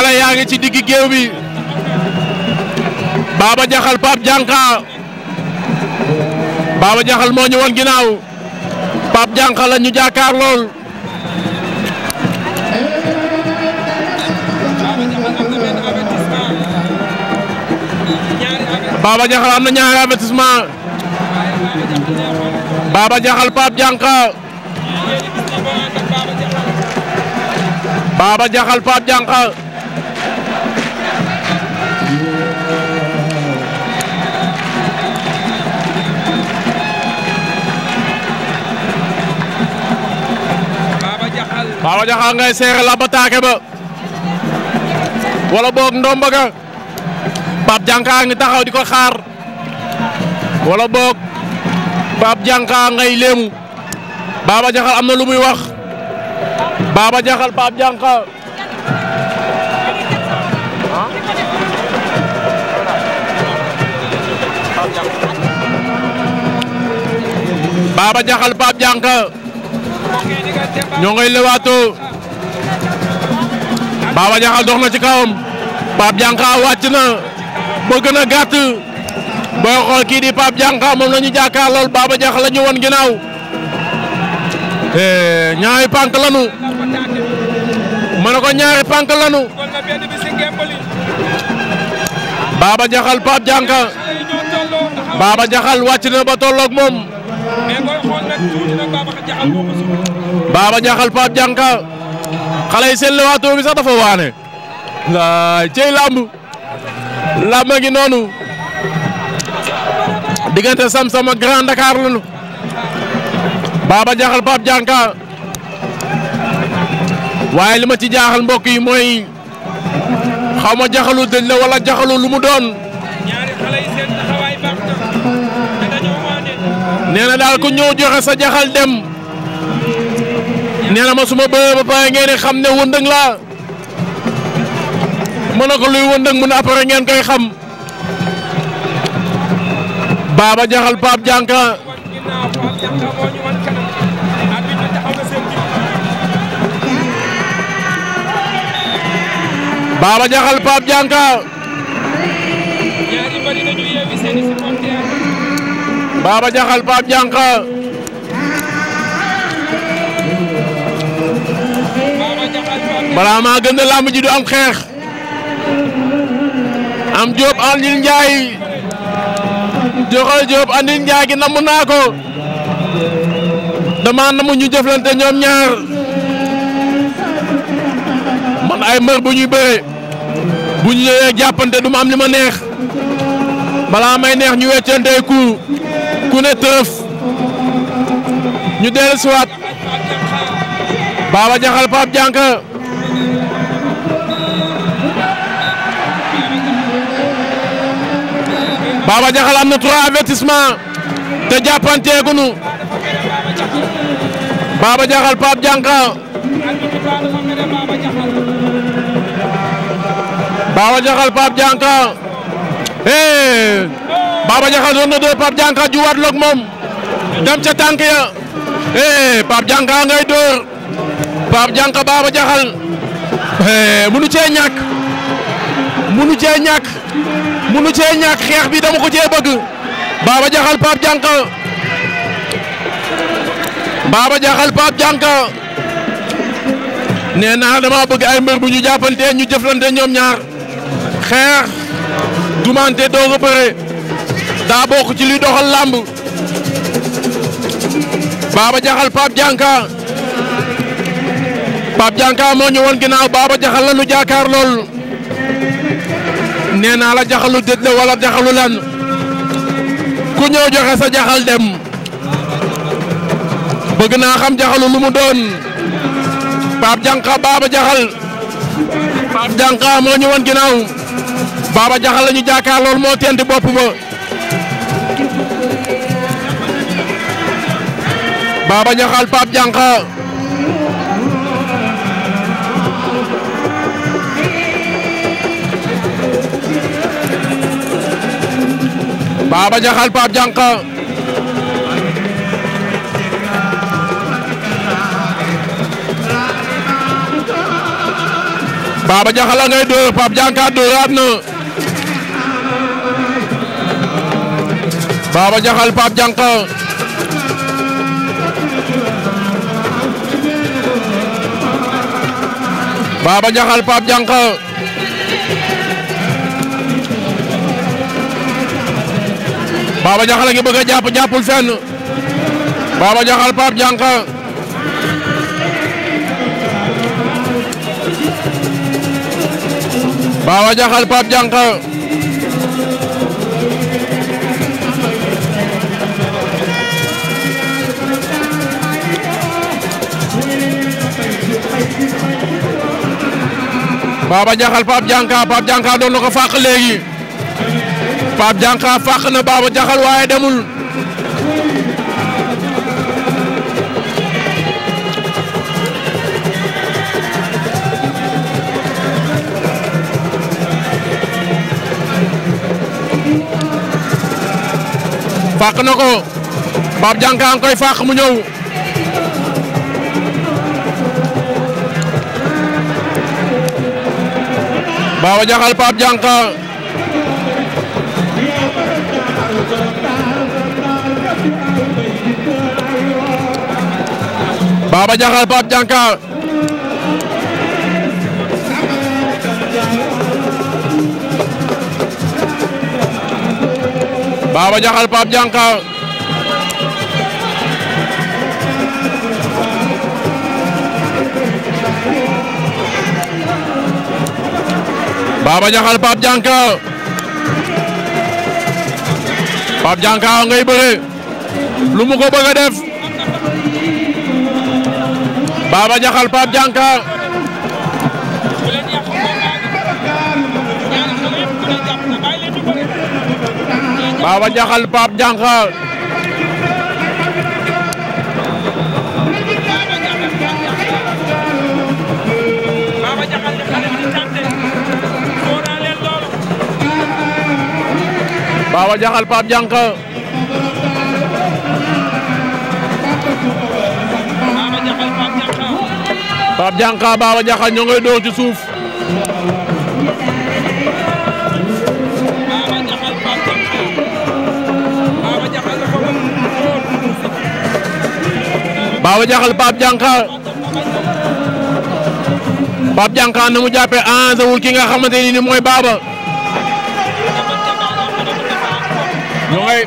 xale yaa ngi ci diggi géew bi Baba Jaxal Pape Dianka Baba Jaxal moo ñëwoon ginnaaw Pape Dianka la ñu jàkkaar lool Baba Jaxal Baba Diakhal ngay seere la taake ba wala boog ndomba ga Pape Dianka ngi taxaw di ko xaar walla boog Pape Dianka ngay léemu Baba Diakhal am na lu muy wax Baba Diakhal Pape Dianka Baba ñoo ngay lewaatoo Baba Diakhal dox na ci kawam Pape Diankha wàcc na ba gën a gàtt booy xool kii di Pape Diankha moom la ñu jàkkaar lool Baba Diakhal la ñu won ginnaaw eh, ñaari pànk lanu ma ne ko ñaari pànk lanu Baba Diakhal Pape Diankha Baba Diakhal wàcc na ba tolloog moom Baba Diakhal Pape Dianka xale yi seen lewaatoo bi sax dafa waane. waay cey làmb làmb ngi noonu diggante Samsam ak Grand Dakar lañu Baba Diakhal Pape Dianka waaye li ma ci jaaxal mbokk yi mooy xaw ma jaxalu dëj la wala jaxalu lu mu doon nee daal ku ñëw joxe jaxal dem. nee na ma su ma bëree ba pare ngeen xam ne wëndëng la ma ne ko luy wëndëng mun après ngeen koy xam Baba Jaxal Pape Dianka Baba Jaxal Jaxal Pape Dianka balaa maa gën a làmb ji du am xeex am Diop andil Njaay joxal Diop andil Njaay gi namm naa ko dama namu ñu jëflante ñoom ñaar man ay mbër bu ñuy bëree bu ñu ñëwee jàppante du ma am li ma neex balaa may neex ñu weccante ku ku ne tërëf ñu dellu siwaat Baba Jaxal Pape Dianka Baba Diakhal am na trois avertissement te jàppanteegunu Baba Diakhal Pape Dianka Baba Diakhal Pape Dianka hey Baba Diakhal doon na dóor Pape Dianka juwaat ca tànk ya hey Pape Dianka ngay dóor Pape Dianka Baba Diakhal hey munu cee ñàkk munu cee ñàkk. munu cee ñàkk xeex bi dama ko cee bëgg Baba Jaxal Pape Dianka Baba Jaxal Pape Dianka nee naa dama bëgg ay mbër bu ñu jàppante ñu jëflante ñoom ñaar xeex dumante doo a bëre daa bokk ci li doxal làmb Baba Jaxal Pape Dianka Pape Dianka moo ñu woon ginnaaw Baba Jaxal la nu jaakaar lool nee naa la jaxalu dëj la wala jaxalu lan ku ñëw joxe sa jaxal dem bëgg naa xam jaxalu lu mu doon Pape Diakha Baba Jaxal Pape Diakha moo ñu wan ginnaaw Baba Jaxal la ñu lool moo tenti bopp ba Baba Jaxal Pape Diakha Baba Jaxal Pape Dianka Baba Jaxal a ngay dóor Pape Dianka dóoraat na Jaxal Pape Dianka Baba Diakhal a ngi bëgg a jàpp jàppul fenn Baba Diakhal Pape doon na ko fàq léegi Pape Diakha fàq na Baba Jaxal waaye demul fàq na ko Pape Diakha nga koy fàq mu ñëw Baba Jaxal Pape Diakha Baba Diakhal Pape Dianka Baba Diakhal Pape Dianka Baba Diakhal Pape Dianka ngay bëre lu mu ko Baba Diakhal Pape Dianka Baba Diakhal Pape Dianka Baba Diakhal Pape Dianka Pape Dianka Baba Diakha ñoo ngay door ci suuf Baba Diakhal Pape Dianka Pape Dianka na mu jàppee enjeu wul ki nga xamante ni ni mooy Baba ñoo ngay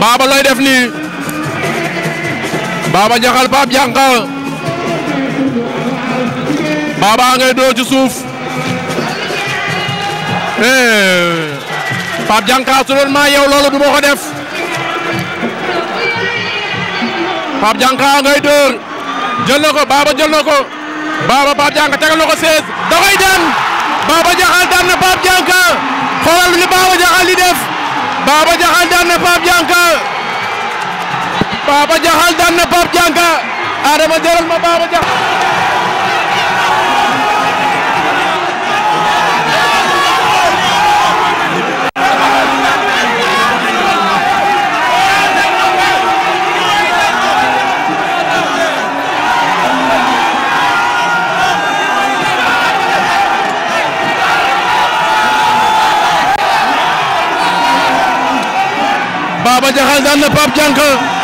Baba looy def nii Baba Jaxal Pape Diakha Baba ngay doo ci suuf eh, Pape Diakha su doon maa yow loolu du ma ko def Pape Diakha ngay dóor jël na ko Baba jël na ko Baba Pape Diakha tegal na daan Baba Jaxal daan na Pape Diakha xoolal li Baba Jaxal li def. Baba Diakhal daan na Pape Dianka Baba Diakhal daan na Pape Dianka Adama jëlal ma Baba Diakhal Orange daan na Pape Dianka